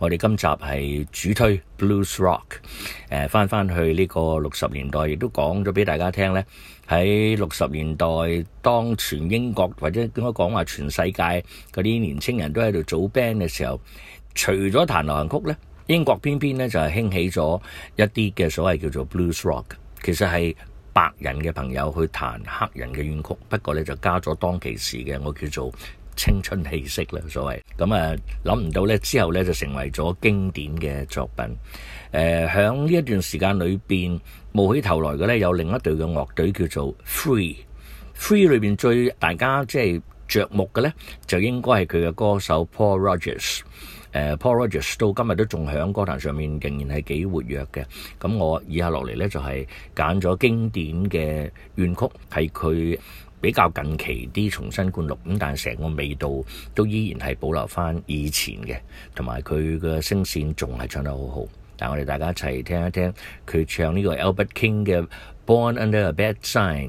我哋今集係主推 blues rock，誒，翻翻去呢個六十年代，亦都講咗俾大家聽咧。喺六十年代，當全英國或者點解講話全世界嗰啲年青人都喺度組 band 嘅時候，除咗彈流行曲咧，英國偏偏咧就係興起咗一啲嘅所謂叫做 blues rock，其實係白人嘅朋友去彈黑人嘅怨曲，不過咧就加咗當其時嘅我叫做。青春氣息啦，所謂咁啊，諗唔到呢之後呢，就成為咗經典嘅作品。誒、呃，喺呢一段時間裏邊冒起頭來嘅呢，有另一隊嘅樂隊叫做 Free。Free 裏邊最大家即係着目嘅呢，就應該係佢嘅歌手 Paul Rodgers。誒、呃，Paul Rodgers 到今日都仲喺歌壇上面，仍然係幾活躍嘅。咁我以下落嚟呢，就係揀咗經典嘅怨曲，係佢。比較近期啲重新灌錄，咁但成個味道都依然係保留翻以前嘅，同埋佢嘅聲線仲係唱得好好。但我哋大家一齊聽一聽佢唱呢個 Albert King 嘅《Born Under a Bad Sign》。